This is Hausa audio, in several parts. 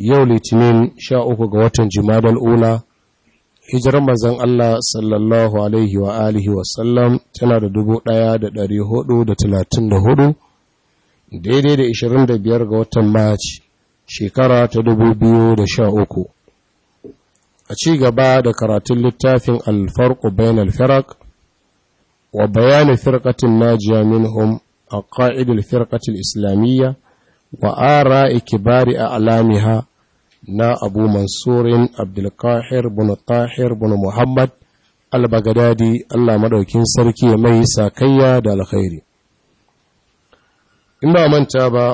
yau litinin sha uku ga watan jimadal ula hijirar mazan Allah sallallahu alaihi wa alihi wasallam tana da dubu ɗaya da dari hudu da talatin da hudu daidai da ishirin da biyar ga watan maci shekara ta dubu biyu da sha uku a ci gaba da karatun littafin alfarku bayan alfirak wa bayanin firkatin najiya minhum a ƙa'idar firkatin islamiyya wa ara ikibari a alamiha na abu mansurin abdulkahir bin tahir bin muhammad albagadadi allah madaukin sarki mai sakayya da alkhairi in ba manta ba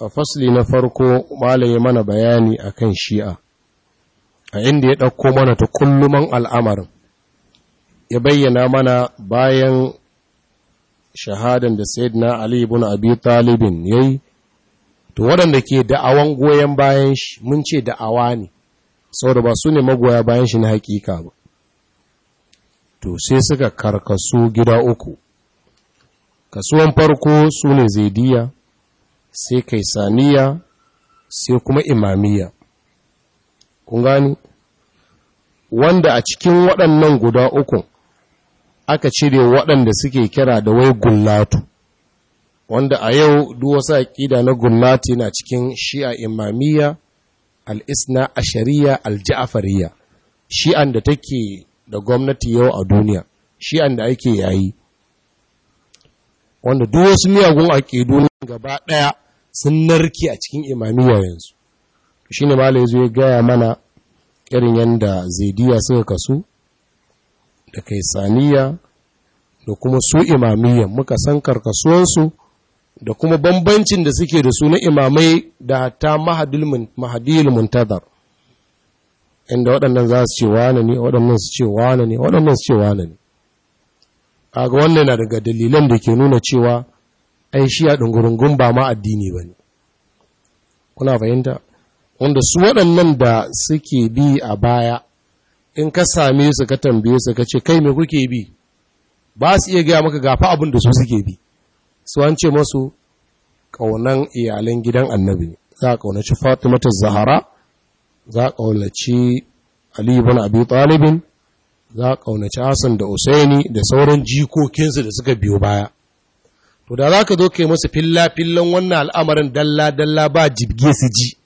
a fasli na farko malaye mana bayani akan shi'a a inda ya ɗauko mana ta kulluman al'amarin ya bayyana mana bayan shahadan da sayyidina ali ibn abi talibin yayi to waɗanda ke da'awan goyon bayan shi mun ce da'awa ne saboda ba su ne magoya bayan shi na hakika ba to sai suka karkasu gida uku kasuwan farko su ne zaidiya sai kai saniya sai kuma imamiya kun gani wanda a cikin waɗannan guda uku aka cire waɗanda suke kira da wai gullatu wanda a yau duk wasu aƙida na gulmati na cikin shi'a imamiyya al'isna a shari'a alja'afariya shi'an da take da gwamnati yau a duniya shi'an da ake yayi wanda duk wasu miyagun aƙidu gaba ɗaya sun narke a cikin imamiyya yanzu shi ne malai zai gaya mana irin yadda zaidiya suka kasu da kaisaniya da kuma su imamiyyan muka san karkasuwansu da kuma bambancin da suke da su na imamai da hatta mahadil muntazar inda waɗannan za su ce wane ne waɗannan su ce wane ne waɗannan su ce wane ne kaga wannan na daga dalilan da ke nuna cewa ai shi a ɗungurungun ba ma addini ba ne kuna fahimta wanda su waɗannan da suke bi a baya in ka same su ka tambaye su ka ce kai me kuke bi ba su iya gaya maka gafa abin da su suke bi su an ce masu ƙaunan iyalan gidan annabi za a ƙaunaci fatimata zahara za a ƙaunaci aliyu abi talibin za a ƙaunaci hassan da usaini da sauran jikokinsu da suka biyo baya to da za ka zo kai masu filla-fillan wannan al'amarin dalla-dalla ba jibge su ji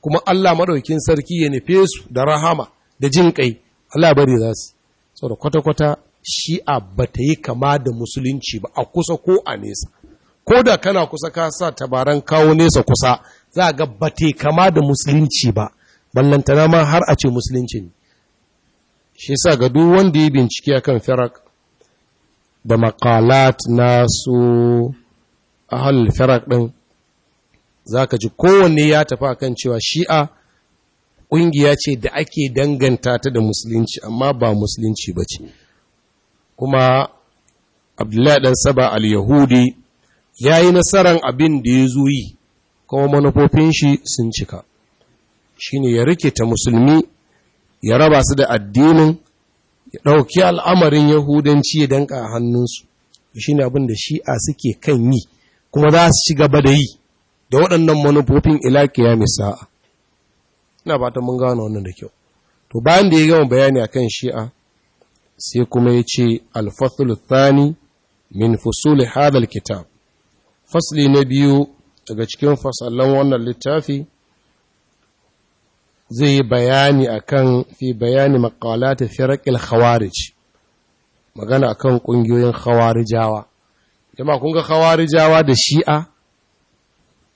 kuma allah maɗaukin sarki ya nufe su da rahama da jin ƙai allah bari za su sau da kwata-kwata shi'a ba ta yi kama da musulunci ba a kusa ko a nesa ko da kana kusa ka sa tabaran kawo nesa kusa za ga bate kama da musulunci ba ballantana ma har a ce musulunci ne shi sa ga duk wanda ya bincike akan firak da makalat na su halin firak din zaka ji kowanne ya tafi akan cewa shi'a ƙungiya ce da ake danganta ta da musulunci amma ba musulunci ba ce kuma abdullahi dan saba al-yahudi ya yi nasarar abin da ya zo yi kuma manufofin shi sun cika shi ne ya rikita musulmi ya raba su da addinin ya ɗauki al'amarin yahudanci ya danka a hannunsu shi ne abin da shi'a suke kan yi kuma za su ci gaba da yi da waɗannan manufofin ilaƙiya mai sa'a ina ba ta mun gano wannan da kyau to bayan da ya gama bayani a kan shi'a sai kuma ya ce alfathul thani min fusuli hadal kitab fasli na biyu daga cikin fasallan wannan littafi zai yi bayani akan fi bayani makalata firakil khawarij magana akan kungiyoyin khawarijawa jama'a kun ga khawarijawa da shi'a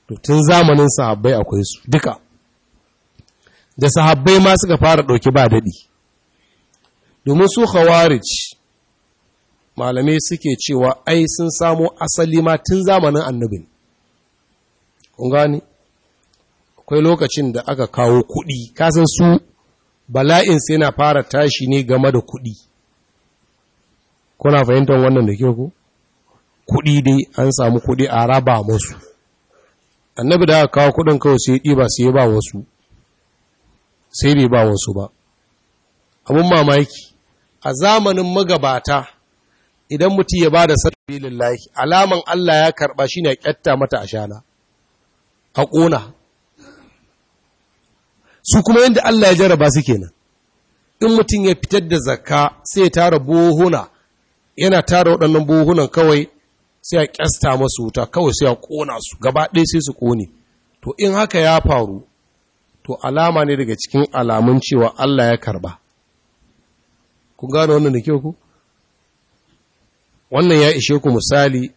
to tun zamanin sahabbai akwai su duka da sahabbai ma suka fara ɗauki ba daɗi domin su khawarij malamai suke cewa ai sun samo asali ma tun zamanin annabin kun gani akwai lokacin da aka kawo kuɗi kasan su bala'in sai na fara tashi ne game da kuɗi kuna fahimtar wannan da ke ku kuɗi dai an samu kuɗi a raba musu annabi da aka kawo kuɗin kawai sai ɗiba sai ba wasu sai bai ba wasu ba abin mamaki a zamanin magabata idan mutum ya ba da sabilin lahi alaman Allah ya karba shi ne ƙyatta mata ashana a ƙona. su kuma yadda Allah ya jarraba su kenan in mutum ya fitar da zakka sai ya tara buhuna yana tara waɗannan buhunan kawai sai a ƙyasta masu wuta kawai sai a ƙona su gaba ɗaya sai su ƙone. to in haka ya faru to alama ne daga cikin alamun cewa Allah ya karba kun gane wannan da kyau ku wannan ya ishe ku misali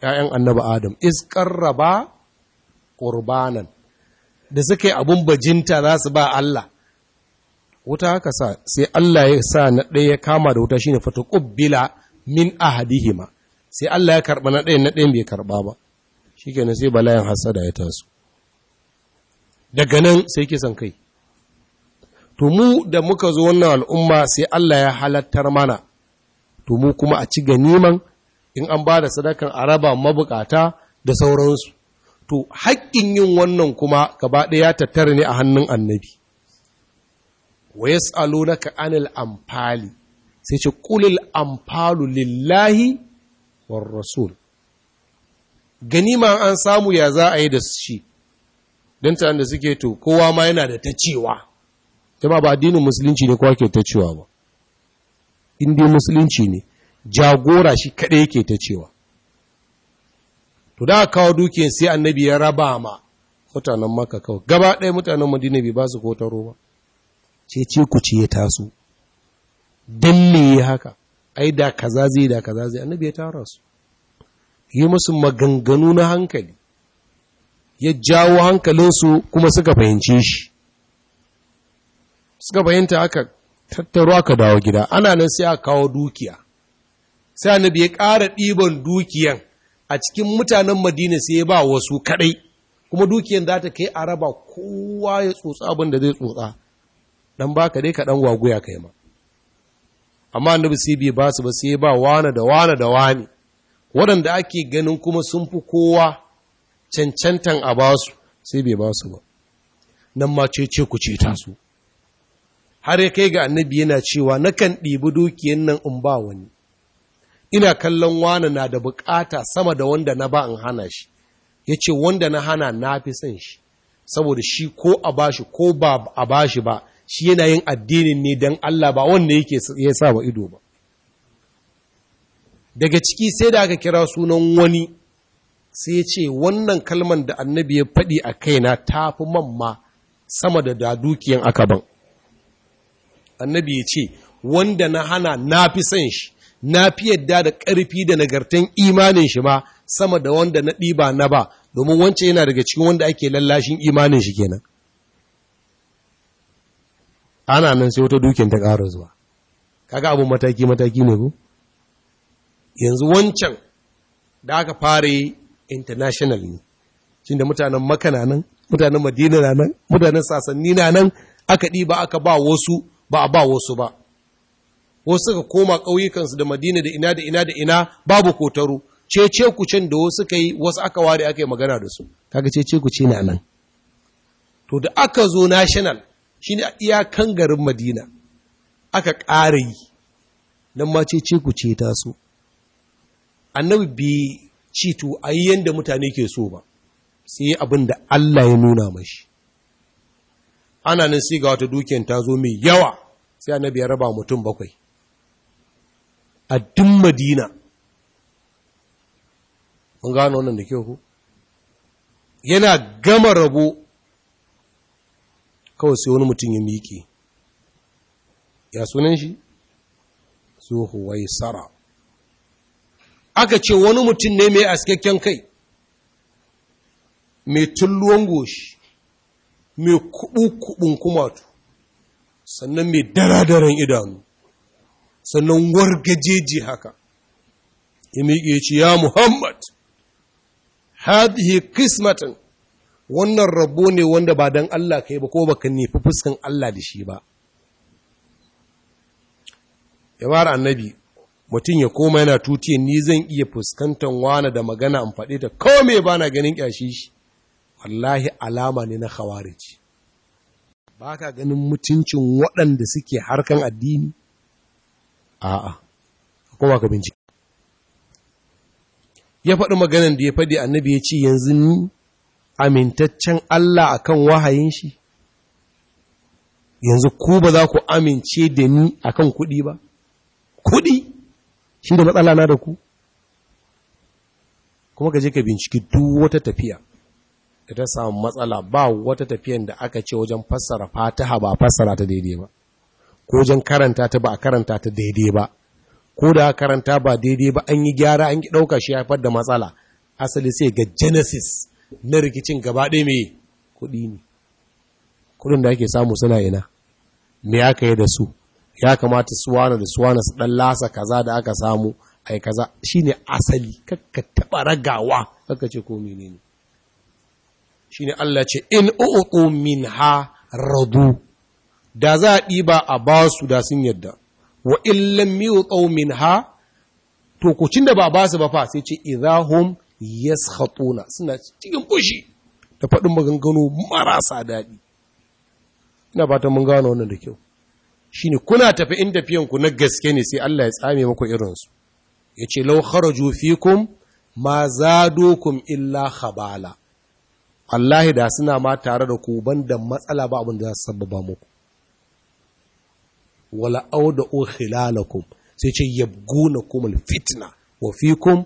‘ya'yan annaba Adam, iskar raba ƙurbanan, da suke abun bajinta za su ba Allah, wuta haka sa, sai Allah ya sa na ɗaya ya kama da wuta shi ne fata ƙubbila min ahadihima, sai Allah ya karɓa na ɗaya na ɗayan bai karɓa ba, shi kenan sai balayan hasada ya taso. Daga nan sai kisan kai. To mu da muka zo wannan al'umma sai Allah ya halattar mana. to kuma a ci ganiman in an ba da sadakan a raba mabukata da sauransu to haƙƙin yin wannan kuma gaba ɗaya tattara ne a hannun annabi wa na anil amfali sai ce ƙulil amfalu lillahi wa rasul ganima an samu ya za a yi da shi don ta da suke to kowa ma yana da ta cewa jama ba addinin musulunci ne kowa ke ta cewa ba in dai musulunci ne jagora shi kaɗai yake ta cewa to da kawo dukiya sai annabi ya raba ma mutanen maka kawai gaba ɗaya mutanen madina bai ba su kotaro ba ce ce ku ce ya taso don me ya haka ai da kaza zai da kaza zai annabi ya tara su yi musu maganganu na hankali ya jawo hankalinsu kuma suka fahimce shi suka fahimta aka tattaro aka dawo gida ana nan sai a kawo dukiya sai annabi ya ƙara ɗiban dukiyan a cikin mutanen madina sai ya ba wasu kaɗai kuma dukiyan za ta kai a raba kowa ya tsotsa abin da zai tsotsa dan ka dai ka dan waguya kai ma amma annabi sai bai ba su ba sai ya ba wani da wani da wani waɗanda ake ganin kuma sun fi kowa cancantan a ba su sai bai ba su ba nan ma ce ce ku ce ta su har ya kai ga annabi yana cewa nakan ɗibi dukiyan nan in ba wani ina kallon wana na da bukata sama da wanda na ba in hana shi ya ce wanda na hana na fi son shi saboda shi ko a bashi ko ba a ba shi ba shi yana yin addinin ne don Allah ba wanda yake ya sa wa ido ba daga ciki sai da aka kira sunan wani sai ya ce wannan kalman da annabi ya faɗi a kaina ta fi mamma sama da da dukiyan ban. annabi ya ce wanda na hana na fi son shi na fi yadda da ƙarfi da nagartan imanin shi ma sama da wanda na ɗiba na ba domin wancan yana daga cikin wanda ake lallashin imanin shi kenan ana nan sai wata dukin ta ƙara zuwa kaga abin mataki mataki ne ku yanzu wancan da aka fara yi international ne shi da mutanen makana nan mutanen madina na nan mutanen sasanni na nan aka ɗiba aka ba wasu ba a ba wasu ba wasu suka koma ƙauyukansu da madina da ina da ina da ina babu kotaru cece can da wasu suka yi wasu aka ware aka magana da su kaga cece ce ne nan to da aka zo national shine a iyakan garin madina aka ƙara yi nan ma cece ce ta so annabi bi ci to ayi yadda mutane ke so ba sai abin da Allah ya nuna mashi ana nan sai ga wata dukiyar ta zo mai yawa sai annabi ya raba mutum bakwai a duk madina mun gano wannan da kyau yana gama rabo kawai sai wani mutum ya miƙe ya sunan shi su huwai sara aka ce wani mutum ne mai askakken kai mai tulluwan goshi mai kuɓu-kuɓun kumatu sannan mai daradaren idanu sannan wargajeji haka ya miƙe ce ya muhammad hadhihi Kismatin, wannan rabo ne wanda ba dan Allah ka yi ba ko baka nufi fuskan Allah da shi ba yawar annabi mutum ya koma yana tutiye ni zan iya fuskantar wana da magana in faɗe ta kawai mai ba na ganin ƙyashi shi wallahi alama ne na Khawariji. ba ka ganin mutuncin waɗanda suke harkan addini a'a kuma ka bincike ya faɗi maganan da ya faɗi annabi ya ce yanzu ni amintaccen Allah akan wahayin shi yanzu ku ba za ku amince da ni akan kuɗi ba kuɗi shi da matsala na da ku kuma ka je ka binciki duk wata tafiya da ta samu matsala ba wata tafiyan da aka ce wajen fassara fataha ba fassara ta daidai ba ko wajen karanta ta ba a karanta ta daidai ba ko da karanta ba daidai ba an yi gyara an yi ɗauka shi haifar da matsala asali sai ga genesis na rikicin gaba ɗaya mai kuɗi ne kuɗin da ake samu suna ina me aka yi da su ya kamata suwana da suwana su ɗan lasa kaza da aka samu a yi kaza shine asali kakka taɓa ragawa kakka ce ko menene ne ne Allah ce in min ha radu da za a ɗiba a ba su da sun yadda wa uku min ha to cin da ba ba su ba fa sai ce idahum yaskhatuna suna cikin ƙushi da faɗin maganganu marasa daɗi ina ta mun gano wannan da kyau shine kuna tafi in tafiyan ku na gaske ne sai Allah ya tsame maku irinsu? su yace law kharaju fikum ma zadukum illa khabala wallahi da suna ma tare da ku banda matsala ba abin da za su sababa muku wala auda u khilalakum sai ce yabgunakum fitna wa fikum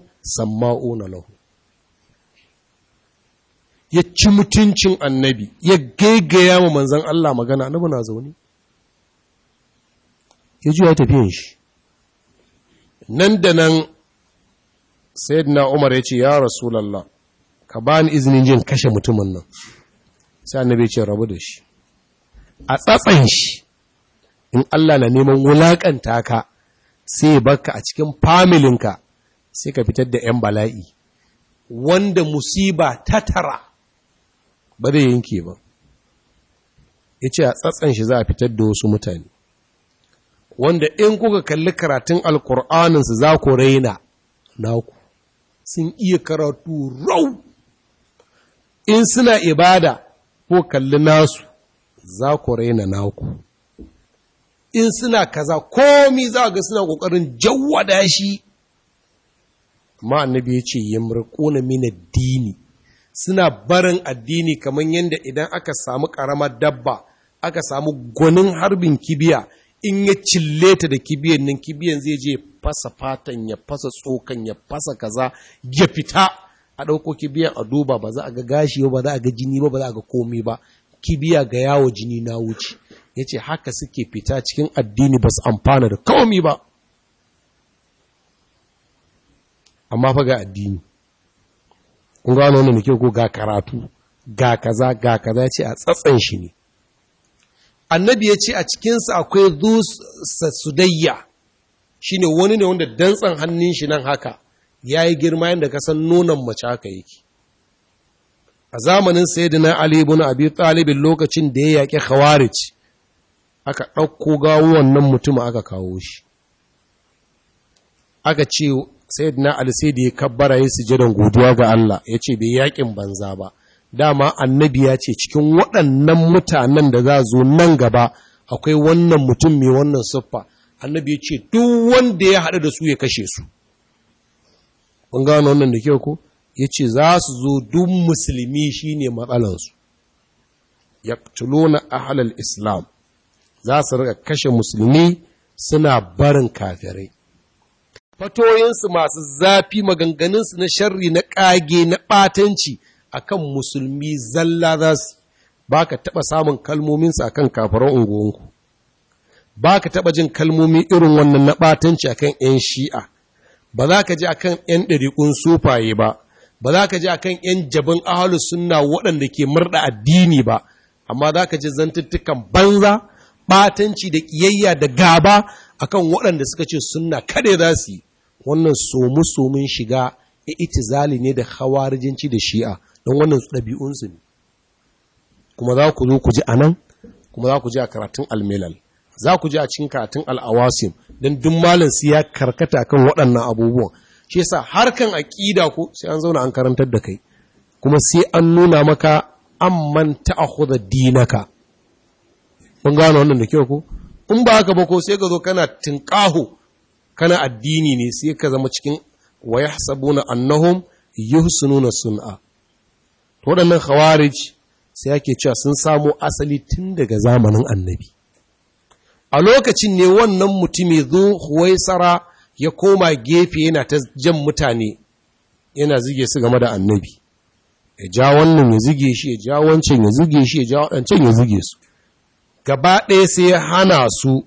na lahu ya ci mutuncin annabi ya gaigaya wa manzan Allah magana annabi na zaune ya ji ya tafiyan shi nan da nan sayyidina Umar ya ce ya rasulallah ka ba ni izinin jin kashe mutumin nan sai annabi ce rabu da shi a tsatsan shi in Allah na neman wulakanta ka sai baka a cikin familin ka sai ka fitar da 'yan bala'i wanda musiba ta tara ba zai yanke ba ya ce a tsatsan shi za a fitar da wasu mutane wanda in kuka kalli karatun alkur'aninsu za ku raina naku sun iya karatu rau in suna ibada ko kalli nasu za ku raina naku in suna kaza komi za ga suna ƙoƙarin jawwada shi amma annabi ya ce yamriquna min ad-dini suna barin addini kamar yadda idan aka samu ƙaramar dabba aka samu gwanin harbin kibiya in ya cille ta da kibiyan nan kibiyan zai je fasa fatan ya fasa tsokan ya fasa kaza ya fita a ɗauko kibiyan a duba ba za a ga gashi ba za a ga jini ba ba za a ga komi ba kibiya ga yawo jini na wuce ya ce haka suke fita cikin addini ba su amfana da komi ba amma fa ga addini kun gano wani muke ko ga karatu ga kaza ga kaza ya ce a tsatsan shi ne annabi ya ce a cikinsa akwai zu sudayya ne wani ne wanda dantsan hannun shi nan haka ya yi girma yadda ka san nonon mace yi yake a zamanin sayyidina ali ibn abi talibin lokacin da ya yaƙi khawarij aka ɗauko gawo wannan mutum aka kawo shi aka ce sayyidina ali sai da ya kabbara ya sujadan godiya ga Allah ya ce bai yaƙin banza ba dama annabi ya ce cikin waɗannan mutanen da za zo nan gaba akwai wannan mutum mai wannan siffa annabi ya ce duk wanda ya haɗu da su ya kashe su mun gano wannan da kyau ko ce za su zo duk musulmi shi shine ya su a ahlal islam za su rika kashe musulmi suna barin kafirai fatoyinsu masu zafi maganganunsu na sharri na ƙage na ɓatanci kan musulmi zalla za su ba ka taɓa samun kalmominsu a kan kafirar unguwanku ba ka taɓa jin kalmomi irin wannan na ɓatanci kan ‘yan shi'a ba za ka ji a kan ‘yan ɗariƙun sufaye ba ba za ka ji a kan ‘yan jabin ahalus suna waɗanda ke murɗa addini ba amma za ka ji zantuttukan banza ɓatanci da ƙiyayya da gaba a kan waɗanda suka ce suna. kada za su yi wannan somu-somun shiga ya zali ne da hawarijinci da shi'a don wannan ɗabi'unsu ne kuma za ku zo ku ji a nan kuma za ku ji a karatun almilal za ku ji a cikin katin al'awasim don duk malin su ya karkata kan waɗannan abubuwan shi yasa harkan aƙida ko sai an zauna an karantar da kai kuma sai an nuna maka an manta a dinaka kun gano wannan da kyau ko in ba haka ba ko sai ka zo kana tunƙaho? kana addini ne sai ka zama cikin wa yahsabuna annahum yuhsinuna sun'a to waɗannan khawarij sai ake cewa sun samo asali tun daga zamanin annabi a lokacin ne wannan mutumi huwai huwaisara ya koma gefe yana ta jan mutane yana zige su game da annabi ya ja wannan ya zige shi ya ja wancan ya zige shi ya ja wancan ya zige su gaba ɗaya sai ya hana su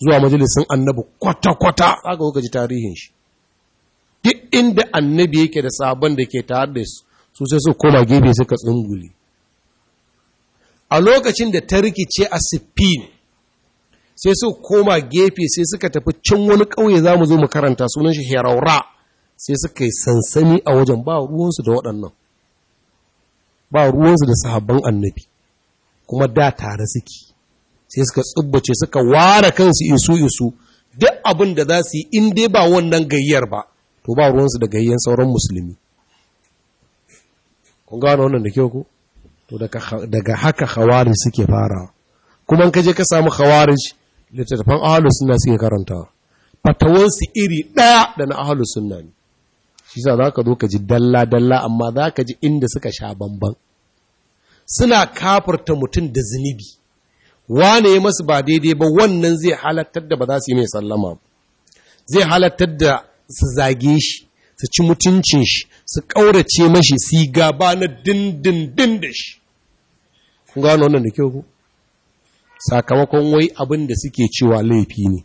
zuwa majalisun annabi kwata-kwata aka kuka ji tarihin shi duk inda annabi yake da sabon da ke tare da su su koma gefe suka tsungule a lokacin da ta rikice a Sifin. sai su koma gefe sai suka tafi can wani ƙauye za mu zo mu karanta sunan shi heraura sai suka yi sansani a wajen ba ruwansu da waɗannan ba ruwansu da sahabban annabi kuma da tare suke sai suka tsubbace suka ware kansu isu isu duk abin da za su yi in dai ba wannan gayyar ba to ba ruwansu da gayyan sauran musulmi kun gano wannan da kyau ko? to daga haka hawari suke farawa kuma ka je ka samu khawarij littattafan ahalus suna suke karanta fatawansu iri ɗaya da na ahalus suna ne shi sa za ka zo ka ji dalla-dalla amma za ka ji inda suka sha bamban suna kafarta mutum da zunubi wane ya masu ba daidai ba wannan zai halattar da ba za su yi mai sallama zai halattar da su zage shi su ci mutuncin shi su ƙaurace mashi su yi gaba na dindindin da shi kun gano wannan da kyau ku sakamakon wai abin da suke cewa laifi ne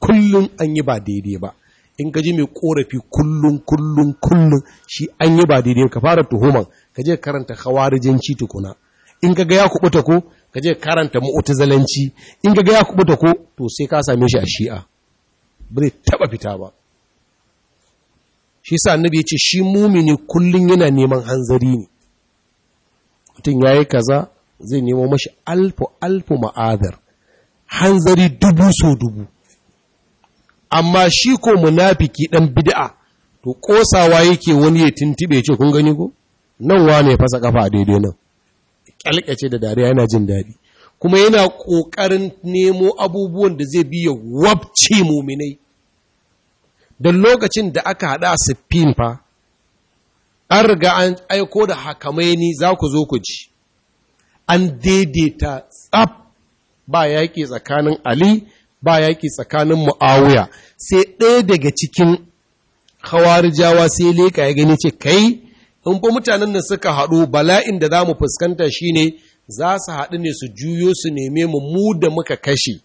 kullum an yi ba daidai ba in ka mai korafi kullum kullum kullum shi an yi ba daidai ka fara tuhuman ka je karanta hawarijanci tukuna in ka ga ya kubuta ko ka je karanta mu'tazilanci in ka ga ya kubuta ko to sai ka same shi a shi'a bai taba fita ba shi sa annabi ya ce shi mumini kullum yana neman hanzari ne mutum yayi kaza zai nemo mashi alfu alfu ma'adar hanzari dubu so dubu amma shi ko munafiki dan bid'a to kosawa yake wani ya tintibe ce kun gani ko nan wane fasa kafa daidai nan kyalkace da dariya yana jin daɗi kuma yana ƙoƙarin nemo abubuwan da zai biya wabce muminai da lokacin da aka haɗa siffin fa an riga an aiko da hakamaini za ku zo ku ji an daidaita tsab ba yaƙi tsakanin ali ba yaƙi tsakanin mu'awiya sai ɗaya daga cikin hawarijawa sai leka ya gani ce kai in fa mutanen da suka haɗu bala'in da za mu fuskanta shi ne, za su haɗu ne su juyo su neme mu mu da muka kashe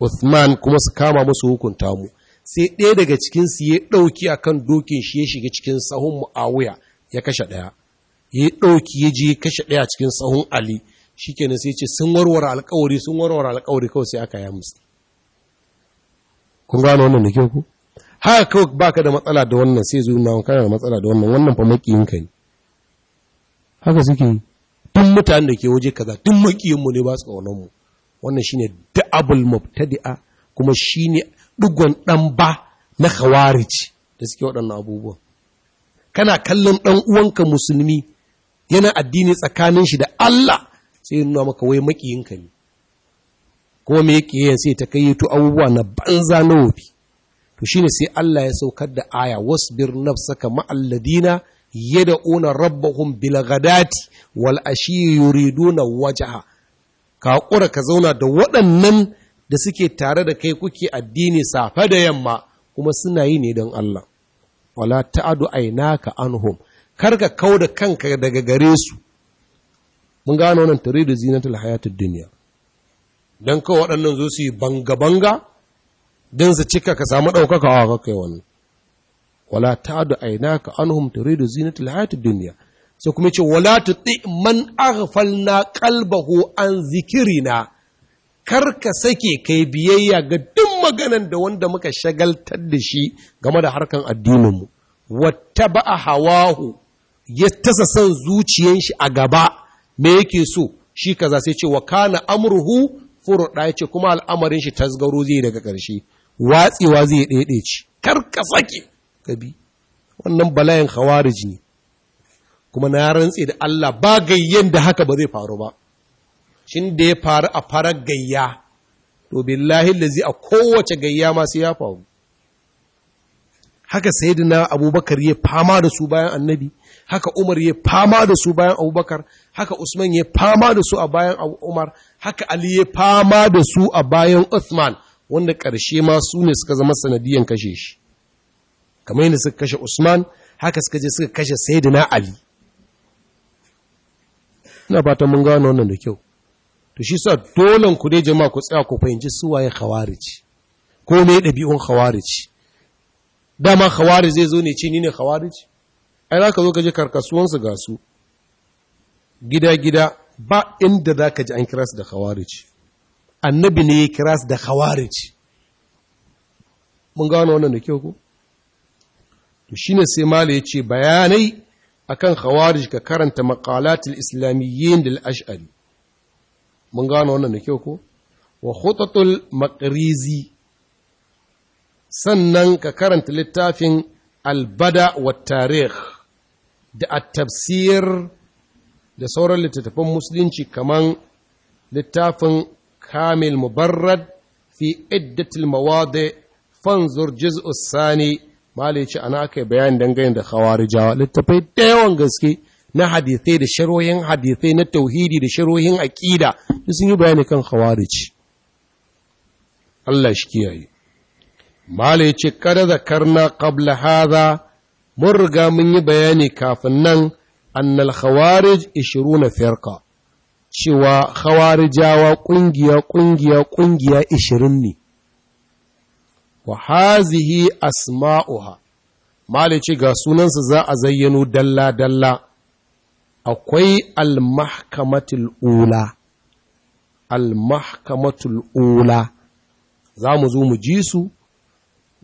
Uthman kuma su kama musu hukunta mu sai ɗaya daga cikinsu ya ɗauki a kan dokin shi ya shiga cikin sahun mu'awiya ya kashe ɗaya ya ɗauki ya je kashe ɗaya cikin tsawon ali shi kenan sai ce sun warware alkawari sun warware alkawari kawai sai aka yi musu kun gano wannan da kyau ku haka kawai baka da matsala da wannan sai zuwa wani kana da matsala da wannan wannan fa makiyinka ne haka suke yi duk mutanen da ke waje kaza duk makiyinmu ne ba su kaunar mu wannan shine da'abul mubtadi'a kuma shine digon dan ba na khawarij da suke waɗannan abubuwan kana kallon ɗan uwanka musulmi yana addini tsakanin shi da Allah sai yi nuna maka wai makiyinka ne kuma me yake yin sai ta kai to abubuwa na banza na wofi to shine sai Allah ya saukar da aya wasu wasbir nafsaka ma'alladina ladina yad'una rabbahum bilagadati ghadati wal ashi waje ha? ka kura ka zauna da waɗannan da suke tare da kai kuke addini safa da yamma kuma suna yi ne don Allah wala ta'adu ainaka anhum kar ka kau da kanka daga gare su mun gano nan tare da zinatul hayatul dunya dan kawai waɗannan zo su yi banga banga dan su cika ka samu ɗaukaka a ka kai wani wala ta'du aynaka anhum turidu zinatul hayatud dunya so kuma ce wala tuti man aghfalna qalbahu an zikrina kar ka sake kai biyayya ga duk maganan da wanda muka shagaltar da shi game da harkan addinin mu wattaba a hawahu ya tasa son zuciyan shi a gaba me yake so shi kaza sai ce wa kana amruhu furuda yace kuma al'amarin shi tasgaro zai daga ƙarshe watsewa zai daidai ci kar ka sake kabi wannan bala'in khawarij ne kuma na rantse da Allah ba gayyen da haka ba zai faru ba shin da ya faru a farar gayya to billahi lazi a kowace gayya masu sai ya faru haka na abubakar ya fama da su bayan annabi haka Umar ya fama da su bayan Abubakar haka Usman ya fama da su a bayan Umar haka Ali ya fama da su a bayan Uthman wanda ƙarshe ma su ne suka zama sanadiyan kashe shi kamar yadda suka kashe Usman haka suka je suka kashe Sayyidina Ali ina fatan mun gano wannan da kyau to shi sa dolan ku dai jama'a ku tsaya ku fahimci su waye khawarij ko me ɗabi'un khawarij dama khawarij zai zo ne ce ni ne khawarij ai za ka zo ka je karkasuwansu ga su gida-gida ba inda za ka ji an kira su da khawarici annabi ne ya kira su da khawarici mun gano wannan da kyau ko to shine sai ya ce bayanai akan khawarij ka karanta maqalatul islamiyyin da ash'ari mun gano wannan da kyau ko wa khutatul maqrizi sannan ka karanta littafin albada wa tarikh da at-tafsir da sauran littattafan musulunci kaman littafin kamil mubarrad fi iddatil mawadi fanzur juz'u sani malici ana aka bayanin bayani dangane da khawarijawa littafai da yawan gaske na hadithai da sharohin hadithai na tauhidi da sharohin aqida sun yi bayani kan khawarij Allah shi kiyaye malici kada zakarna qabla hadha mun riga mun yi bayani kafin nan annal khawarij 20 firqa cewa khawarijawa kungiya ƙungiya, ƙungiya, ishirin ne wa hazihi asma'uha malici ga sunansu za a zayyano dalla dalla akwai al ula al ula za mu zo mu ji su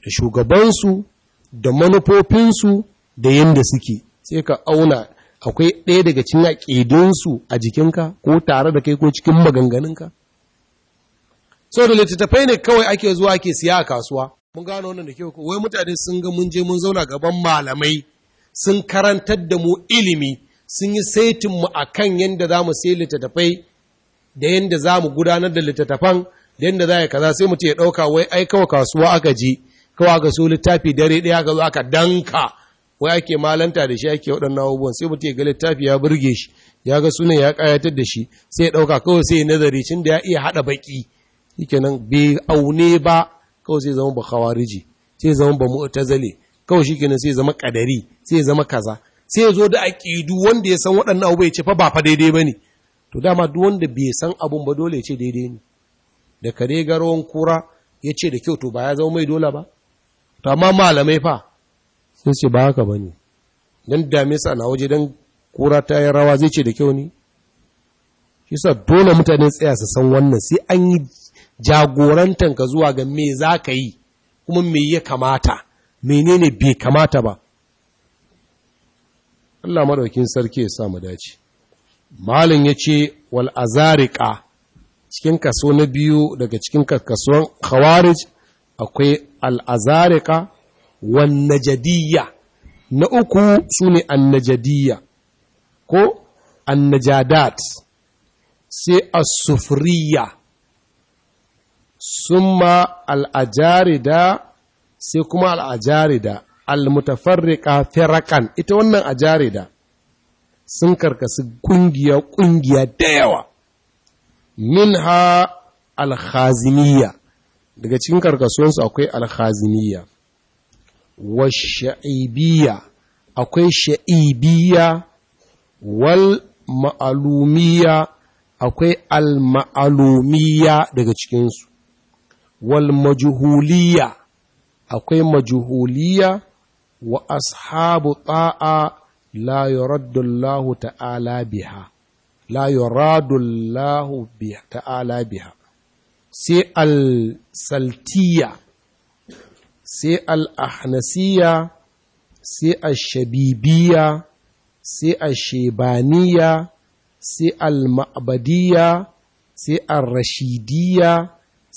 da shugabansu da manufofinsu da yadda suke sai ka auna akwai ɗaya daga cin aƙidinsu a jikinka ko tare da kai ko cikin maganganunka sau da littattafai ne kawai ake zuwa ake siya a kasuwa mun gano wannan da kyau wai mutane sun ga mun je mun zauna gaban malamai sun karantar da mu ilimi sun yi saitin mu akan yadda za mu sai littattafai da yadda za mu gudanar da littattafan da yadda za a kaza sai mutum ya ɗauka wai ai kawai kasuwa aka je kawa ga su littafi dare ɗaya ga zo aka danka wai ake malanta da shi ake waɗannan abubuwan sai mutum ya ga littafi ya burge shi ya ga sunan ya ƙayatar da shi sai ya ɗauka kawai sai ya nazari cin da ya iya haɗa baƙi shikenan bai aune ba kawai sai zama ba khawariji sai zama ba mu'tazali kawai nan sai zama kadari sai zama kaza sai ya zo da aqidu wanda ya san waɗannan abubuwa ya ce fa ba fa daidai bane to dama duk wanda bai san abun ba dole ya ce daidai ne da kare garon kura ya ce da kyau to ba ya zama mai dole ba to amma malamai fa sai ce ba haka bane dan dame sa na waje dan kura ta yi rawa zai ce da kyau ne shi sa dole mutane tsaya su san wannan sai an yi jagorantan ka zuwa ga me za ka yi kuma me ya kamata menene bai kamata ba Allah maɗaukin sarki ya sa mu dace malin ce wal azariqa cikin kaso na biyu daga cikin kaso khawarij akwai al'azarika wannajadiyya na uku su ne annajadiyya ko annajadat sai asufuriya summa al'ajarida sai kuma al'ajarida almutafarriƙa firakan ita wannan ajarida sun karkasu ƙungiya-ƙungiya da yawa min ha alhaziniya daga cikin karkasuwansu akwai alhaziniya wa sha'ibiya akwai sha'ibiya wal ma'alumiya akwai al-ma'alumiyya daga cikinsu wal majuhuliyya akwai majuhuliya wa ashabu ta'a la yuraddu Allahu ta'ala biha la yuraddu Allahu ta'ala biha sai al-saltiya sai al-ahnasiya sai al-shabibiya sai al-shebaniya sai al-ma'abadiya sai al-rashidiya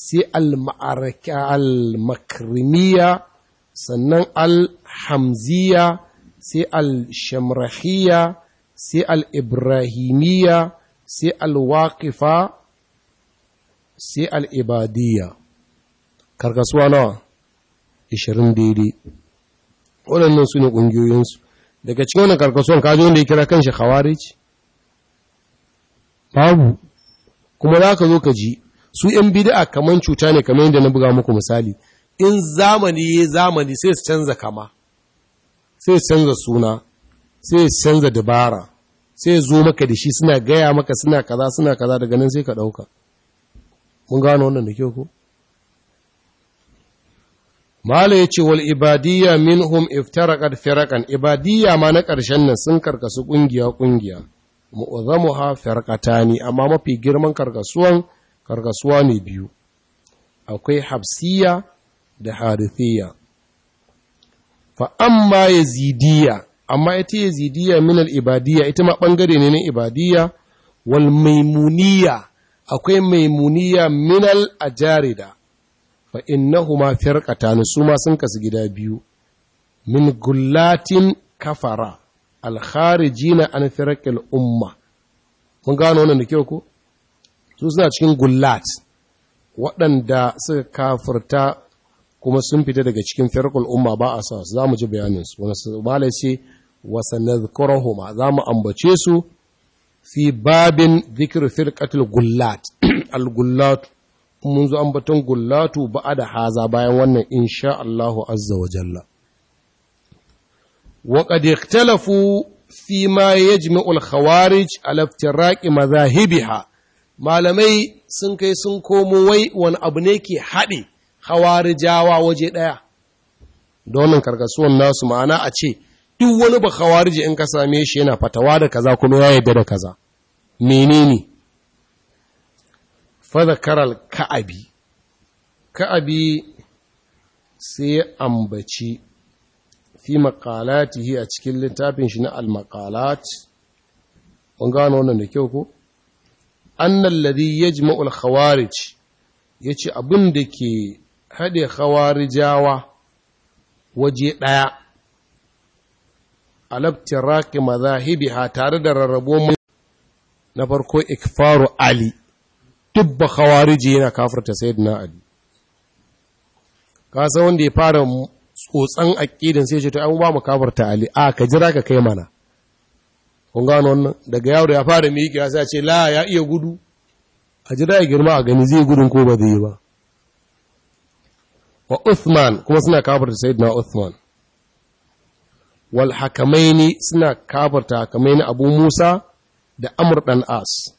sai al-makrimiya sannan al-hamziya sai al-shamrahiya sai al-ibrahimiya sai al-waqifa sai al'ibadiyya karkasuwa nawa 20 daidai waɗannan su ne ƙungiyoyinsu daga cikin wani karkasuwan kaji wanda ya kira kan shi khawarij babu kuma za ka zo ka ji su ‘yan bida kamar cuta ne kamar yadda na buga muku misali in zamani ya zamani sai su canza kama sai su canza suna sai su canza dabara sai zo maka da shi suna gaya maka suna kaza suna kaza daga nan sai ka ɗauka mun gano wannan da ke ku. Mala ya ce wal ibadiyya minhum iftaraqat firaqan ibadiyya ma na ƙarshen nan sun karkasu ƙungiya ƙungiya mu'azzamuha firqatani amma mafi girman karkasuwan karkasuwa ne biyu akwai habsiya da harithiya fa amma yazidiyya amma ita yazidiyya min al ibadiyya ita ma bangare ne na ibadiyya wal maimuniyya akwai maimuniya minal a jarida fa innahu ma ni su ma sun kasu gida biyu min gullatin kafara al na an firqil umma mun gano wannan da kyau ko su suna cikin gullat waɗanda suka kafirta kuma sun fita daga cikin firqul umma ba a sa za mu ji bayanin su wani malai ce wa sanadhkuruhuma za mu ambace su fi babin zikir firƙatul gullat al gullat mun zo ambaton gullatu ba da haza bayan wannan insha Allahu azza wa jalla wa qad ikhtalafu fi ma yajma'u al khawarij ala iftiraqi madhahibiha malamai sun kai sun komo wai wani abu ne ke haɗe hawarijawa waje ɗaya da wannan karkasuwan nasu ma'ana a ce duk wani ba khawariji in ka same shi yana fatawa da kaza kuma ya yarda da kaza menene fa zakaral ka'abi ka'abi sai ya ambaci fi maqalatihi a cikin littafin shi na al-maqalat kun gano wannan da kyau ko annal ladhi yajma'u al-khawarij yace abin da ke hade khawarijawa waje ɗaya. alabtiraki mazahibi ha tare da rarrabuwan na farko ikfaru ali dubba khawariji yana kafirta sayyidina ali ka wanda ya fara tsotsan aqidan sai ya ce to an ba mu kafirta ali a ka jira ka kai mana kun gano wannan daga yaro ya fara miki ya ce la ya iya gudu a jira ya girma a gani zai gudun ko ba zai yi ba wa Uthman kuma suna kafirta sayyidina Uthman wal hakamaini suna kafarta hakamaini abu musa da amur dan as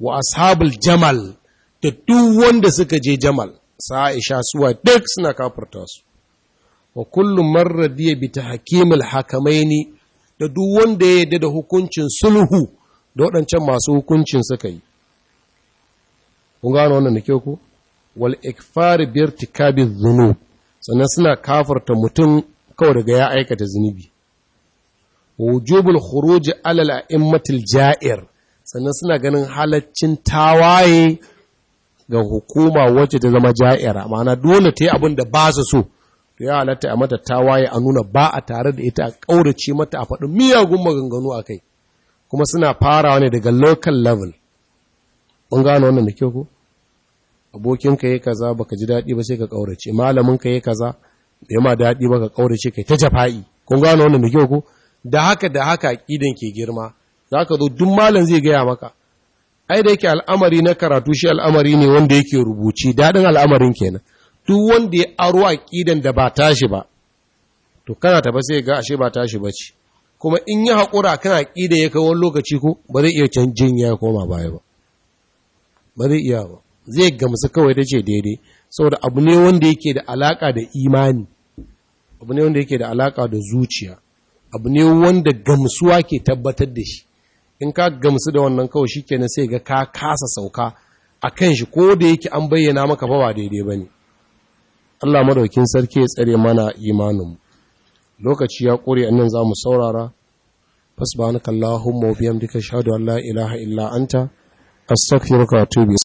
wa ashabul jamal da duk wanda suka je jamal sa'isha suwa duk suna kafarta su wa kullum marradiya bi tahkimul hakamaini da duk wanda ya yarda da hukuncin sulhu da waɗancan masu hukuncin suka yi kun gano wannan da ku wal ikfar bi dhunub sannan suna kafarta mutum kawai daga ya aikata zunubi wujubul khuruj alal a'immatil ja'ir sannan suna ganin halaccin tawaye ga hukuma wacce ta zama ja'ira ma'ana dole ta yi abin da ba su so to ya halatta a mata tawaye a nuna ba a tare da ita a ƙaurace mata a faɗin miyagun maganganu a kai kuma suna farawa ne daga local level mun gano wannan da kyau ko abokinka yi kaza baka ji daɗi ba sai ka ƙaurace ka yi kaza bai ma daɗi ba ka ƙaurace kai ta jafa'i kun gano wannan da kyau ko da haka da haka ƙidan ke girma Za ka zo duk malam zai gaya maka ai da yake al'amari na karatu shi al'amari ne wanda yake rubuci daɗin al'amarin kenan duk wanda ya aro a ƙidan da ba tashi ba to kana tafa sai ga ashe ba tashi ba ce. kuma in ya haƙura kana ƙidan ya kai wani lokaci ko ba zai iya canjin ya koma baya ba ba zai iya ba zai gamsu kawai ta ce daidai saboda abu ne wanda yake da alaƙa da imani abu ne wanda yake da alaka da zuciya abu ne wanda gamsuwa ke tabbatar da shi in ka gamsu da wannan kawai shi kenan sai ga ka kasa sauka a kan shi ko da yake an bayyana maka ba daidai ba ne allah madaukin sarki ya tsare mana imaninmu lokaci ya ƙure annan za mu saurara fasbanaka allahumma wa bihamdika ashhadu an la ilaha illa anta astaghfiruka wa atubu